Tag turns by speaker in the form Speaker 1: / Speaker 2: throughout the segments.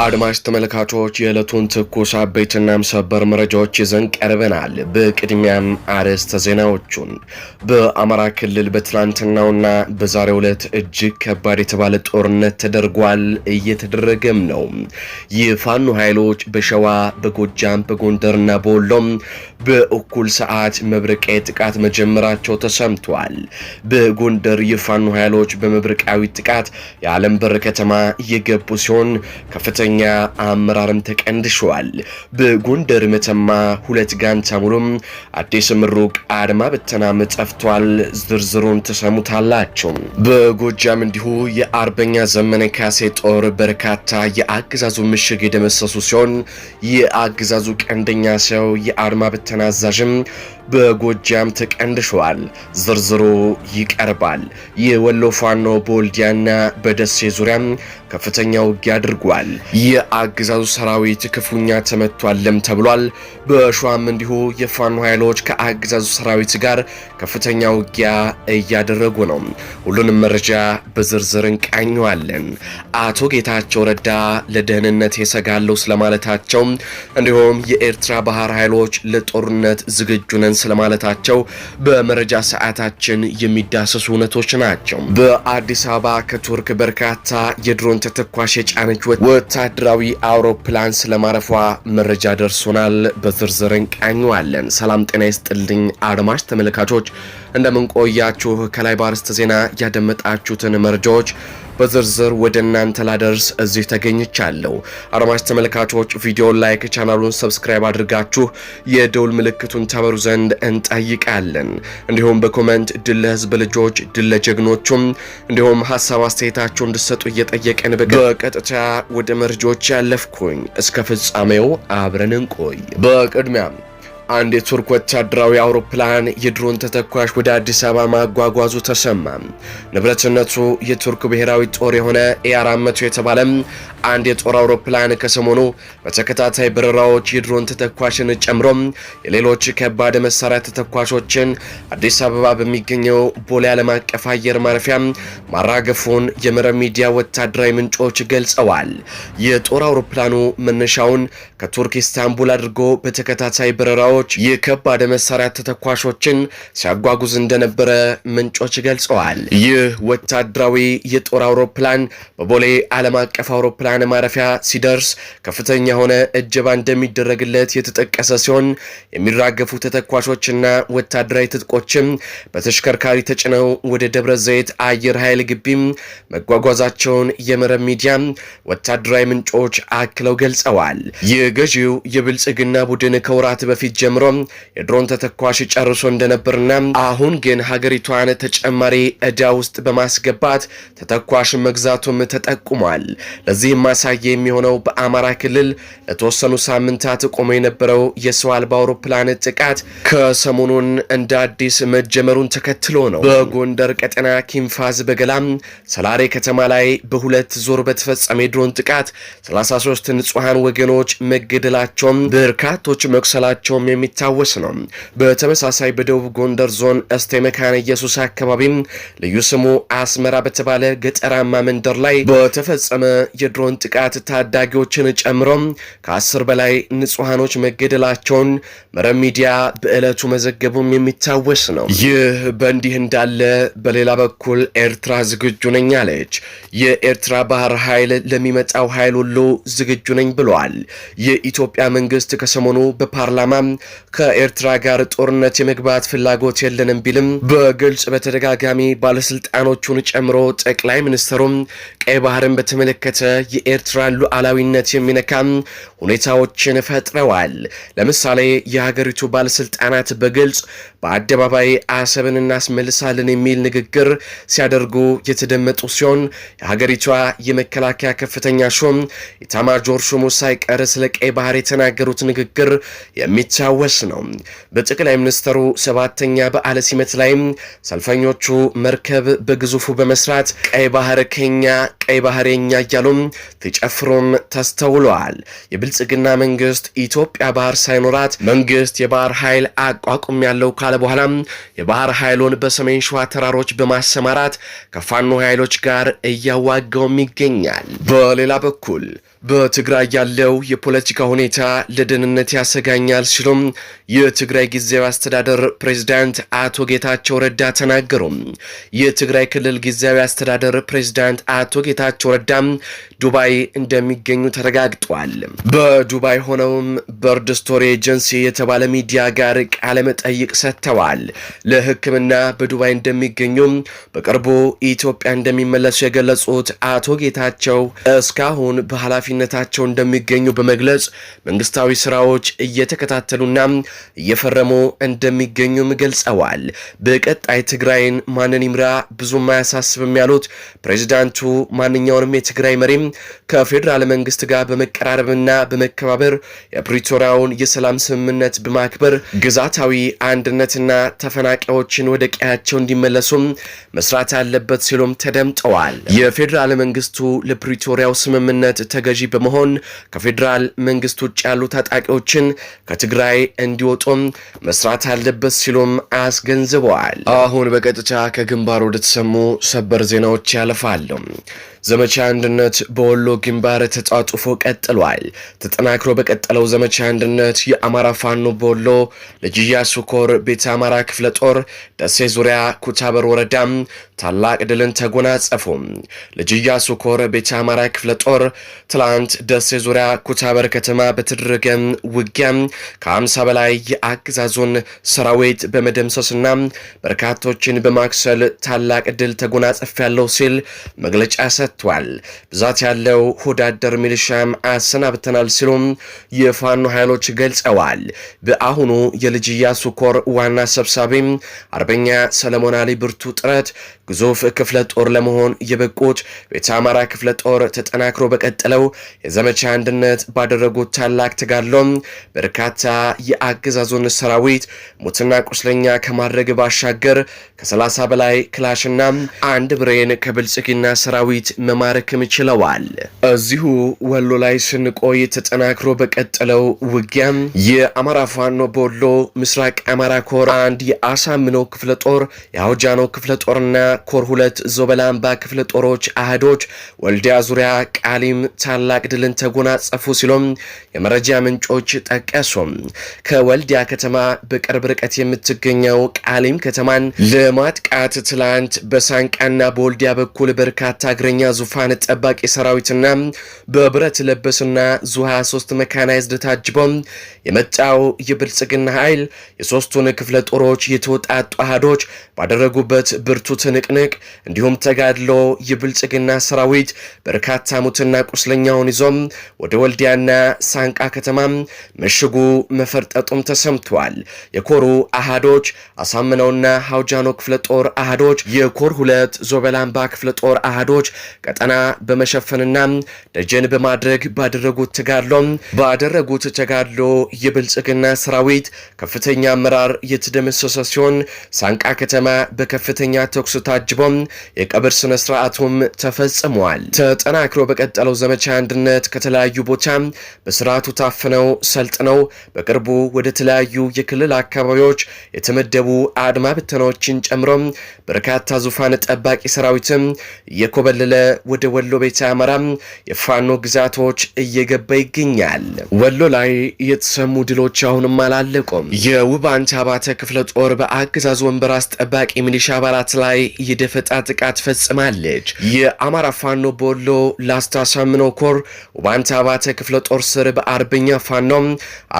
Speaker 1: አድማጭ ተመልካቾች የዕለቱን ትኩስ አበይትና ሰበር መረጃዎች ይዘን ቀርበናል። በቅድሚያም አርዕስተ ዜናዎቹን በአማራ ክልል በትላንትናውና በዛሬው ዕለት እጅግ ከባድ የተባለ ጦርነት ተደርጓል፣ እየተደረገም ነው። የፋኖ ኃይሎች በሸዋ በጎጃም በጎንደርና በወሎም በእኩል ሰዓት መብረቃዊ ጥቃት መጀመራቸው ተሰምቷል። በጎንደር የፋኖ ኃይሎች በመብረቃዊ ጥቃት የዓለም በር ከተማ እየገቡ ሲሆን ከፍተኛ ከፍተኛ አመራርም ተቀንድሸዋል። በጎንደር መተማ ሁለት ጋንታ ሙሉም አዲስ ምሩቅ አድማ በተናም ጠፍቷል። ዝርዝሩን ተሰሙታላቸው። በጎጃም እንዲሁ የአርበኛ ዘመነ ካሴ ጦር በርካታ የአገዛዙ ምሽግ የደመሰሱ ሲሆን የአገዛዙ ቀንደኛ ሰው የአድማ በተና አዛዥም በጎጃም ተቀንድሸዋል። ዝርዝሩ ይቀርባል። የወሎ ፋኖ በወልዲያና በደሴ ዙሪያም ከፍተኛ ውጊያ አድርጓል። የአገዛዙ ሰራዊት ክፉኛ ተመቷለም ተብሏል። በሸዋም እንዲሁ የፋኖ ኃይሎች ከአገዛዙ ሰራዊት ጋር ከፍተኛ ውጊያ እያደረጉ ነው። ሁሉንም መረጃ በዝርዝር እንቃኘዋለን። አቶ ጌታቸው ረዳ ለደህንነት የሰጋለው ስለማለታቸው እንዲሁም የኤርትራ ባህር ኃይሎች ለጦርነት ዝግጁ ነን ስለማለታቸው በመረጃ ሰዓታችን የሚዳሰሱ እውነቶች ናቸው። በአዲስ አበባ ከቱርክ በርካታ የድሮን ተተኳሽ የጫነች ወታደራዊ አውሮፕላን ስለማረፏ መረጃ ደርሶናል። በዝርዝር እንቃኘዋለን። ሰላም ጤና ይስጥልኝ አድማጭ ተመልካቾች እንደምንቆያችሁ ከላይ ባርስተ ዜና ያደመጣችሁትን መረጃዎች በዝርዝር ወደ እናንተ ላደርስ እዚህ ተገኝቻለሁ። አድማጭ ተመልካቾች ቪዲዮን ላይክ፣ ቻናሉን ሰብስክራይብ አድርጋችሁ የደውል ምልክቱን ታበሩ ዘንድ እንጠይቃለን። እንዲሁም በኮመንት ድል ለህዝብ ልጆች፣ ድል ለጀግኖቹም እንዲሁም ሀሳብ አስተያየታችሁ እንድሰጡ እየጠየቀን በቀጥታ ወደ መረጃዎች ያለፍኩኝ፣ እስከ ፍጻሜው አብረን እንቆይ። በቅድሚያም አንድ የቱርክ ወታደራዊ አውሮፕላን የድሮን ተተኳሽ ወደ አዲስ አበባ ማጓጓዙ ተሰማ። ንብረትነቱ የቱርክ ብሔራዊ ጦር የሆነ ኤ400 የተባለም አንድ የጦር አውሮፕላን ከሰሞኑ በተከታታይ በረራዎች የድሮን ተተኳሽን ጨምሮ የሌሎች ከባድ መሳሪያ ተተኳሾችን አዲስ አበባ በሚገኘው ቦሌ ዓለም አቀፍ አየር ማረፊያ ማራገፉን የመረብ ሚዲያ ወታደራዊ ምንጮች ገልጸዋል። የጦር አውሮፕላኑ መነሻውን ከቱርክ ኢስታንቡል አድርጎ በተከታታይ በረራዎች የከባድ መሳሪያ ተተኳሾችን ሲያጓጉዝ እንደነበረ ምንጮች ገልጸዋል። ይህ ወታደራዊ የጦር አውሮፕላን በቦሌ ዓለም አቀፍ አውሮፕላን አውሮፕላን ማረፊያ ሲደርስ ከፍተኛ የሆነ እጀባ እንደሚደረግለት የተጠቀሰ ሲሆን የሚራገፉ ተተኳሾችና ወታደራዊ ትጥቆችም በተሽከርካሪ ተጭነው ወደ ደብረ ዘይት አየር ኃይል ግቢም መጓጓዛቸውን የመረብ ሚዲያ ወታደራዊ ምንጮች አክለው ገልጸዋል። የገዢው የብልጽግና ቡድን ከወራት በፊት ጀምሮ የድሮን ተተኳሽ ጨርሶ እንደነበርና አሁን ግን ሀገሪቷን ተጨማሪ ዕዳ ውስጥ በማስገባት ተተኳሽ መግዛቱም ተጠቁሟል። ለዚህ ማሳያ የሚሆነው በአማራ ክልል ለተወሰኑ ሳምንታት ቆሞ የነበረው የሰው አልባ አውሮፕላን ጥቃት ከሰሞኑን እንደ አዲስ መጀመሩን ተከትሎ ነው። በጎንደር ቀጠና ኪንፋዝ በገላም ሰላሬ ከተማ ላይ በሁለት ዞር በተፈጸመ የድሮን ጥቃት 33 ንጹሐን ወገኖች መገደላቸውም በርካቶች መቁሰላቸውም የሚታወስ ነው። በተመሳሳይ በደቡብ ጎንደር ዞን እስቴ መካነ ኢየሱስ አካባቢም ልዩ ስሙ አስመራ በተባለ ገጠራማ መንደር ላይ በተፈጸመ የድሮን በድሮን ጥቃት ታዳጊዎችን ጨምሮ ከአስር በላይ ንጹሐኖች መገደላቸውን መረብ ሚዲያ በዕለቱ መዘገቡም የሚታወስ ነው። ይህ በእንዲህ እንዳለ በሌላ በኩል ኤርትራ ዝግጁ ነኝ አለች። የኤርትራ ባህር ኃይል ለሚመጣው ኃይል ሁሉ ዝግጁ ነኝ ብለዋል። የኢትዮጵያ መንግስት ከሰሞኑ በፓርላማ ከኤርትራ ጋር ጦርነት የመግባት ፍላጎት የለንም ቢልም በግልጽ በተደጋጋሚ ባለስልጣኖቹን ጨምሮ ጠቅላይ ሚኒስትሩም ቀይ ባህርን በተመለከተ የኤርትራ ሉዓላዊነት የሚነካም ሁኔታዎችን ፈጥረዋል። ለምሳሌ የሀገሪቱ ባለስልጣናት በግልጽ በአደባባይ አሰብን እናስመልሳለን የሚል ንግግር ሲያደርጉ የተደመጡ ሲሆን የሀገሪቷ የመከላከያ ከፍተኛ ሹም ኢታማጆር ሹሙ ሳይቀር ስለ ቀይ ባህር የተናገሩት ንግግር የሚታወስ ነው። በጠቅላይ ሚኒስትሩ ሰባተኛ በዓለ ሲመት ላይም ሰልፈኞቹ መርከብ በግዙፉ በመስራት ቀይ ባህር ከኛ ቀይ ባህሬኛ እያሉም ተጨፍሮም ተስተውለዋል። የብልጽግና መንግስት ኢትዮጵያ ባህር ሳይኖራት መንግስት የባህር ኃይል አቋቁም ያለው ካለ በኋላም የባህር ኃይሉን በሰሜን ሸዋ ተራሮች በማሰማራት ከፋኖ ኃይሎች ጋር እያዋጋውም ይገኛል። በሌላ በኩል በትግራይ ያለው የፖለቲካ ሁኔታ ለደህንነት ያሰጋኛል ሲሉም የትግራይ ጊዜያዊ አስተዳደር ፕሬዝዳንት አቶ ጌታቸው ረዳ ተናገሩ። የትግራይ ክልል ጊዜያዊ አስተዳደር ፕሬዝዳንት አቶ ጌታቸው ረዳ ዱባይ እንደሚገኙ ተረጋግጧል። በዱባይ ሆነውም በርድ ስቶሪ ኤጀንሲ የተባለ ሚዲያ ጋር ቃለ መጠይቅ ሰጥተዋል። ለሕክምና በዱባይ እንደሚገኙም በቅርቡ ኢትዮጵያ እንደሚመለሱ የገለጹት አቶ ጌታቸው እስካሁን በኃላፊ ኃላፊነታቸው እንደሚገኙ በመግለጽ መንግስታዊ ስራዎች እየተከታተሉና እየፈረሙ እንደሚገኙም ገልጸዋል። በቀጣይ ትግራይን ማንን ይምራ ብዙም አያሳስብም ያሉት ፕሬዚዳንቱ ማንኛውንም የትግራይ መሪም ከፌዴራል መንግስት ጋር በመቀራረብና በመከባበር የፕሪቶሪያውን የሰላም ስምምነት በማክበር ግዛታዊ አንድነትና ተፈናቃዮችን ወደ ቀያቸው እንዲመለሱም መስራት አለበት ሲሉም ተደምጠዋል። የፌዴራል መንግስቱ ለፕሪቶሪያው ስምምነት ተገዥ ገዢ በመሆን ከፌዴራል መንግስት ውጭ ያሉ ታጣቂዎችን ከትግራይ እንዲወጡም መስራት አለበት ሲሉም አስገንዝበዋል። አሁን በቀጥታ ከግንባር ወደተሰሙ ሰበር ዜናዎች ያለፋሉ። ዘመቻ አንድነት በወሎ ግንባር ተጧጡፎ ቀጥሏል። ተጠናክሮ በቀጠለው ዘመቻ አንድነት የአማራ ፋኖ በወሎ ለጅያ ሱኮር ቤተ አማራ ክፍለ ጦር ደሴ ዙሪያ ኩታበር ወረዳም ታላቅ ድልን ተጎናጸፉ። ለጅያ ሱኮር ቤተ አማራ ክፍለ ጦር በትላንት ደሴ ዙሪያ ኩታበር ከተማ በተደረገ ውጊያ ከ50 በላይ የአገዛዙን ሰራዊት በመደምሰስና በርካቶችን በማክሰል ታላቅ ድል ተጎናጸፍ ያለው ሲል መግለጫ ሰጥቷል። ብዛት ያለው ሆዳደር ሚሊሻም አሰናብተናል ሲሉም የፋኖ ኃይሎች ገልጸዋል። በአሁኑ የልጅ ኢያሱ ኮር ዋና ሰብሳቢም አርበኛ ሰለሞን አሊ ብርቱ ጥረት ግዙፍ ክፍለ ጦር ለመሆን የበቁት ቤተ አማራ ክፍለ ጦር ተጠናክሮ በቀጠለው የዘመቻ አንድነት ባደረጉት ታላቅ ተጋድሎም በርካታ የአገዛዙን ሰራዊት ሙትና ቁስለኛ ከማድረግ ባሻገር ከ30 በላይ ክላሽና አንድ ብሬን ከብልጽግና ሰራዊት መማረክም ችለዋል። እዚሁ ወሎ ላይ ስንቆይ ተጠናክሮ በቀጠለው ውጊያ የአማራ ፋኖ በወሎ ምስራቅ አማራ ኮር አንድ የአሳምነው ክፍለ ጦር የአውጃኖ ክፍለ ጦርና ኮር ሁለት ዞበላምባ ክፍለ ጦሮች አህዶች ወልዲያ ዙሪያ ቃሊም ታላ ታላቅ ድልን ተጎናጸፉ ሲሎም የመረጃ ምንጮች ጠቀሱ። ከወልዲያ ከተማ በቅርብ ርቀት የምትገኘው ቃሊም ከተማን ለማጥቃት ትላንት በሳንቃና በወልዲያ በኩል በርካታ እግረኛ ዙፋን ጠባቂ ሰራዊትና በብረት ለበስና ዙ 23 መካናይዝድ ታጅቦ የመጣው የብልጽግና ኃይል የሶስቱን ክፍለ ጦሮች የተወጣጡ አህዶች ባደረጉበት ብርቱ ትንቅንቅ እንዲሁም ተጋድሎ የብልጽግና ሰራዊት በርካታ ሙትና ቁስለኛው ቀጠናውን ይዞ ወደ ወልዲያና ሳንቃ ከተማ ምሽጉ መፈርጠጡም ተሰምቷል። የኮሩ አሃዶች አሳምነውና ሀውጃኖ ክፍለ ጦር አሃዶች፣ የኮር ሁለት ዞበላምባ ክፍለ ጦር አሃዶች ቀጠና በመሸፈንና ደጀን በማድረግ ባደረጉት ተጋድሎ ባደረጉት ተጋድሎ የብልጽግና ሰራዊት ከፍተኛ አመራር የተደመሰሰ ሲሆን ሳንቃ ከተማ በከፍተኛ ተኩስ ታጅቦ የቀብር ስነ ስርዓቱም ተፈጽሟል። ተጠናክሮ በቀጠለው ዘመቻ አንድነት ከተለያዩ ቦታ በስርዓቱ ታፍነው ሰልጥነው በቅርቡ ወደ ተለያዩ የክልል አካባቢዎች የተመደቡ አድማ ብተናዎችን ጨምሮ በርካታ ዙፋን ጠባቂ ሰራዊትም እየኮበለለ ወደ ወሎ ቤተ አማራ የፋኖ ግዛቶች እየገባ ይገኛል። ወሎ ላይ የተሰሙ ድሎች አሁንም አላለቁም። የውባንታ አባተ ክፍለ ጦር በአገዛዝ ወንበር አስጠባቂ ሚሊሻ አባላት ላይ የደፈጣ ጥቃት ፈጽማለች። የአማራ ፋኖ በወሎ ላስታሳምነው ኮ ኮር ውባንተ አባተ ክፍለ ጦር ስር በአርበኛ ፋኖ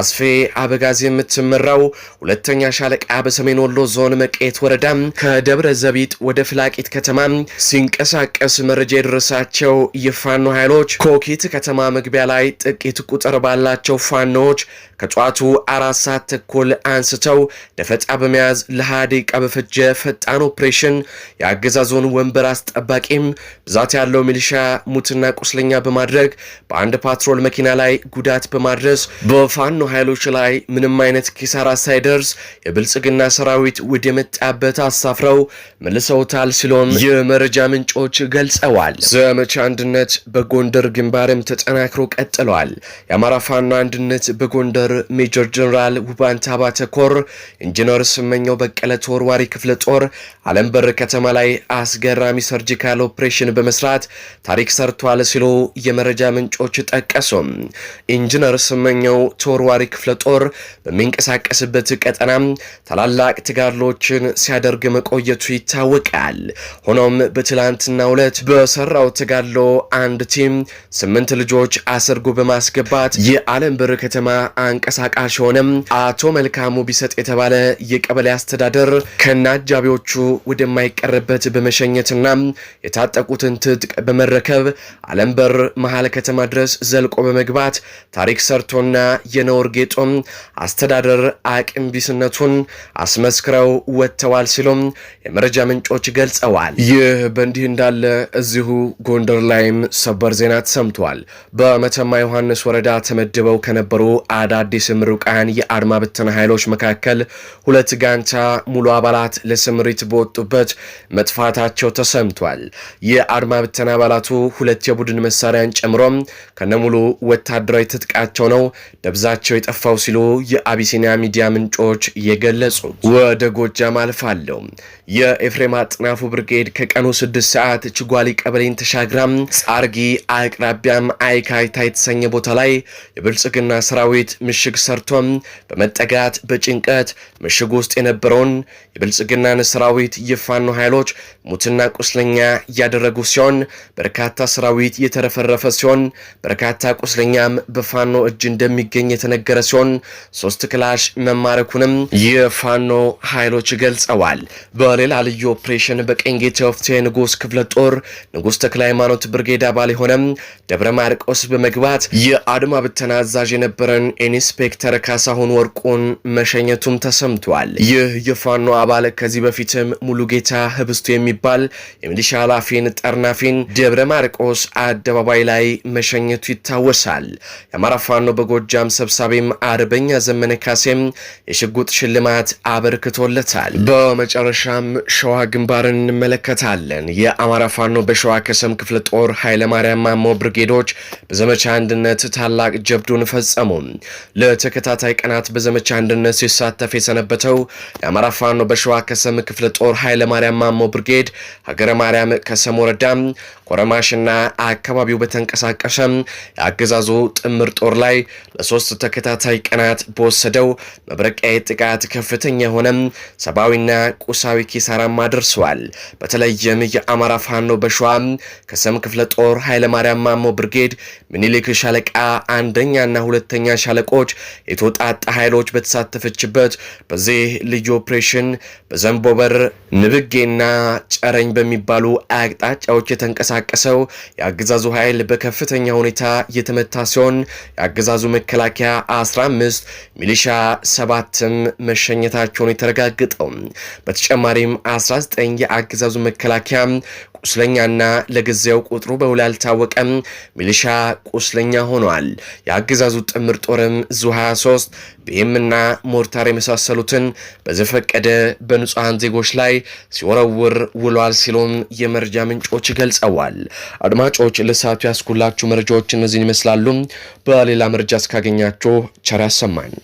Speaker 1: አስፌ አበጋዝ የምትመራው ሁለተኛ ሻለቃ በሰሜን ወሎ ዞን መቄት ወረዳ ከደብረ ዘቢጥ ወደ ፍላቂት ከተማ ሲንቀሳቀስ መረጃ የደረሳቸው የፋኖ ኃይሎች ኮኪት ከተማ መግቢያ ላይ ጥቂት ቁጥር ባላቸው ፋኖዎች ከጠዋቱ አራት ሰዓት ተኩል አንስተው ደፈጣ በመያዝ ለሃዲቃ በፈጀ ፈጣን ኦፕሬሽን የአገዛዞን ወንበር አስጠባቂም ብዛት ያለው ሚሊሻ ሙትና ቁስለኛ በማድረግ በማድረግ በአንድ ፓትሮል መኪና ላይ ጉዳት በማድረስ በፋኖ ኃይሎች ላይ ምንም አይነት ኪሳራ ሳይደርስ የብልጽግና ሰራዊት ወደ የመጣበት አሳፍረው መልሰውታል ሲሎም የመረጃ ምንጮች ገልጸዋል። ዘመቻ አንድነት በጎንደር ግንባርም ተጠናክሮ ቀጥሏል። የአማራ ፋኖ አንድነት በጎንደር ሜጀር ጀኔራል ውባንታ ባተኮር ኢንጂነር ስመኛው በቀለ ተወርዋሪ ክፍለ ጦር አለም በር ከተማ ላይ አስገራሚ ሰርጂካል ኦፕሬሽን በመስራት ታሪክ ሰርቷል ሲሉ የመረ የመረጃ ምንጮች ጠቀሱ። ኢንጂነር ስመኘው ተወርዋሪ ክፍለ ጦር በሚንቀሳቀስበት ቀጠና ታላላቅ ትጋድሎችን ሲያደርግ መቆየቱ ይታወቃል። ሆኖም በትላንትናው ዕለት በሰራው ተጋድሎ አንድ ቲም ስምንት ልጆች አሰርጎ በማስገባት የዓለም ብር ከተማ አንቀሳቃሽ ሆነም አቶ መልካሙ ቢሰጥ የተባለ የቀበሌ አስተዳደር ከነአጃቢዎቹ ወደማይቀርበት በመሸኘትና የታጠቁትን ትጥቅ በመረከብ ዓለም በር መሀል መሃል ከተማ ድረስ ዘልቆ በመግባት ታሪክ ሰርቶና የነወር ጌጦም አስተዳደር አቅም ቢስነቱን አስመስክረው ወጥተዋል ሲሉም የመረጃ ምንጮች ገልጸዋል። ይህ በእንዲህ እንዳለ እዚሁ ጎንደር ላይም ሰበር ዜና ተሰምቷል። በመተማ ዮሐንስ ወረዳ ተመድበው ከነበሩ አዳዲስ ምሩቃን የአድማ ብተና ኃይሎች መካከል ሁለት ጋንታ ሙሉ አባላት ለስምሪት በወጡበት መጥፋታቸው ተሰምቷል። የአድማ ብተና አባላቱ ሁለት የቡድን መሳሪያን ጨምሮም ከነሙሉ ወታደራዊ ትጥቃቸው ነው ደብዛቸው የጠፋው ሲሉ የአቢሲኒያ ሚዲያ ምንጮች የገለጹት። ወደ ጎጃም አልፋለሁ። የኤፍሬም አጥናፉ ብርጌድ ከቀኑ ስድስት ሰዓት ችጓሊ ቀበሌን ተሻግራም ጻርጊ አቅራቢያም አይካይታ የተሰኘ ቦታ ላይ የብልጽግና ሰራዊት ምሽግ ሰርቶም በመጠጋት በጭንቀት ምሽግ ውስጥ የነበረውን የብልጽግናን ሰራዊት የፋኖ ኃይሎች ሙትና ቁስለኛ እያደረጉ ሲሆን በርካታ ሰራዊት የተረፈረፈ ሲሆን በርካታ ቁስለኛም በፋኖ እጅ እንደሚገኝ የተነገረ ሲሆን ሶስት ክላሽ መማረኩንም የፋኖ ኃይሎች ገልጸዋል። በሌላ ልዩ ኦፕሬሽን በቀኝ ጌታ ወፍቴ ንጉስ ክፍለ ጦር ንጉስ ተክለ ሃይማኖት ብርጌድ አባል የሆነም ደብረ ማርቆስ በመግባት የአድማ ብተና አዛዥ የነበረን ኢንስፔክተር ካሳሁን ወርቁን መሸኘቱም ተሰምቷል። ይህ የፋኖ አባል ከዚህ በፊትም ሙሉ ጌታ ህብስቱ የሚባል የሚሊሻ ኃላፊን ጠርናፊን ደብረ ማርቆስ አደባባይ ላይ ላይ መሸኘቱ ይታወሳል። የአማራ ፋኖ በጎጃም ሰብሳቢም አርበኛ ዘመነ ካሴም የሽጉጥ ሽልማት አበርክቶለታል። በመጨረሻም ሸዋ ግንባርን እንመለከታለን። የአማራ ፋኖ በሸዋ ከሰም ክፍለ ጦር ኃይለማርያም ማሞ ብርጌዶች በዘመቻ አንድነት ታላቅ ጀብዱን ፈጸሙ። ለተከታታይ ቀናት በዘመቻ አንድነት ሲሳተፍ የሰነበተው የአማራ ፋኖ በሸዋ ከሰም ክፍለ ጦር ኃይለማርያም ማሞ ብርጌድ ሀገረ ማርያም ከሰም ወረዳም ኮረማሽና አካባቢው በተንቀሳቀሰ የአገዛዙ ጥምር ጦር ላይ ለሶስት ተከታታይ ቀናት በወሰደው መብረቂያዊ ጥቃት ከፍተኛ የሆነ ሰብአዊና ቁሳዊ ኪሳራም አድርሰዋል። በተለይም የአማራ ፋኖ በሸዋ ከሰም ክፍለ ጦር ኃይለማርያም ማሞ ብርጌድ ምኒልክ ሻለቃ አንደኛና ሁለተኛ ሻለቆች የተወጣጣ ኃይሎች በተሳተፈችበት በዚህ ልዩ ኦፕሬሽን በዘንቦበር ንብጌና ጨረኝ በሚባሉ አቅጣጫዎች የተንቀሳ የተንቀሳቀሰው የአገዛዙ ኃይል በከፍተኛ ሁኔታ የተመታ ሲሆን የአገዛዙ መከላከያ 15 ሚሊሻ ሰባትም መሸኘታቸውን የተረጋገጠው በተጨማሪም 19 የአገዛዙ መከላከያ ቁስለኛና ለጊዜው ቁጥሩ በውል አልታወቀም ሚሊሻ ቁስለኛ ሆኗል። የአገዛዙ ጥምር ጦርም ዙ 23 ብኤምና ሞርታር የመሳሰሉትን በዘፈቀደ በንጹሐን ዜጎች ላይ ሲወረውር ውሏል ሲሉም የመረጃ ምንጮች ገልጸዋል። አድማጮች ለሰዓቱ ያስኩላችሁ መረጃዎች እነዚህን ይመስላሉ። በሌላ መረጃ እስካገኛችሁ ቸር ያሰማን።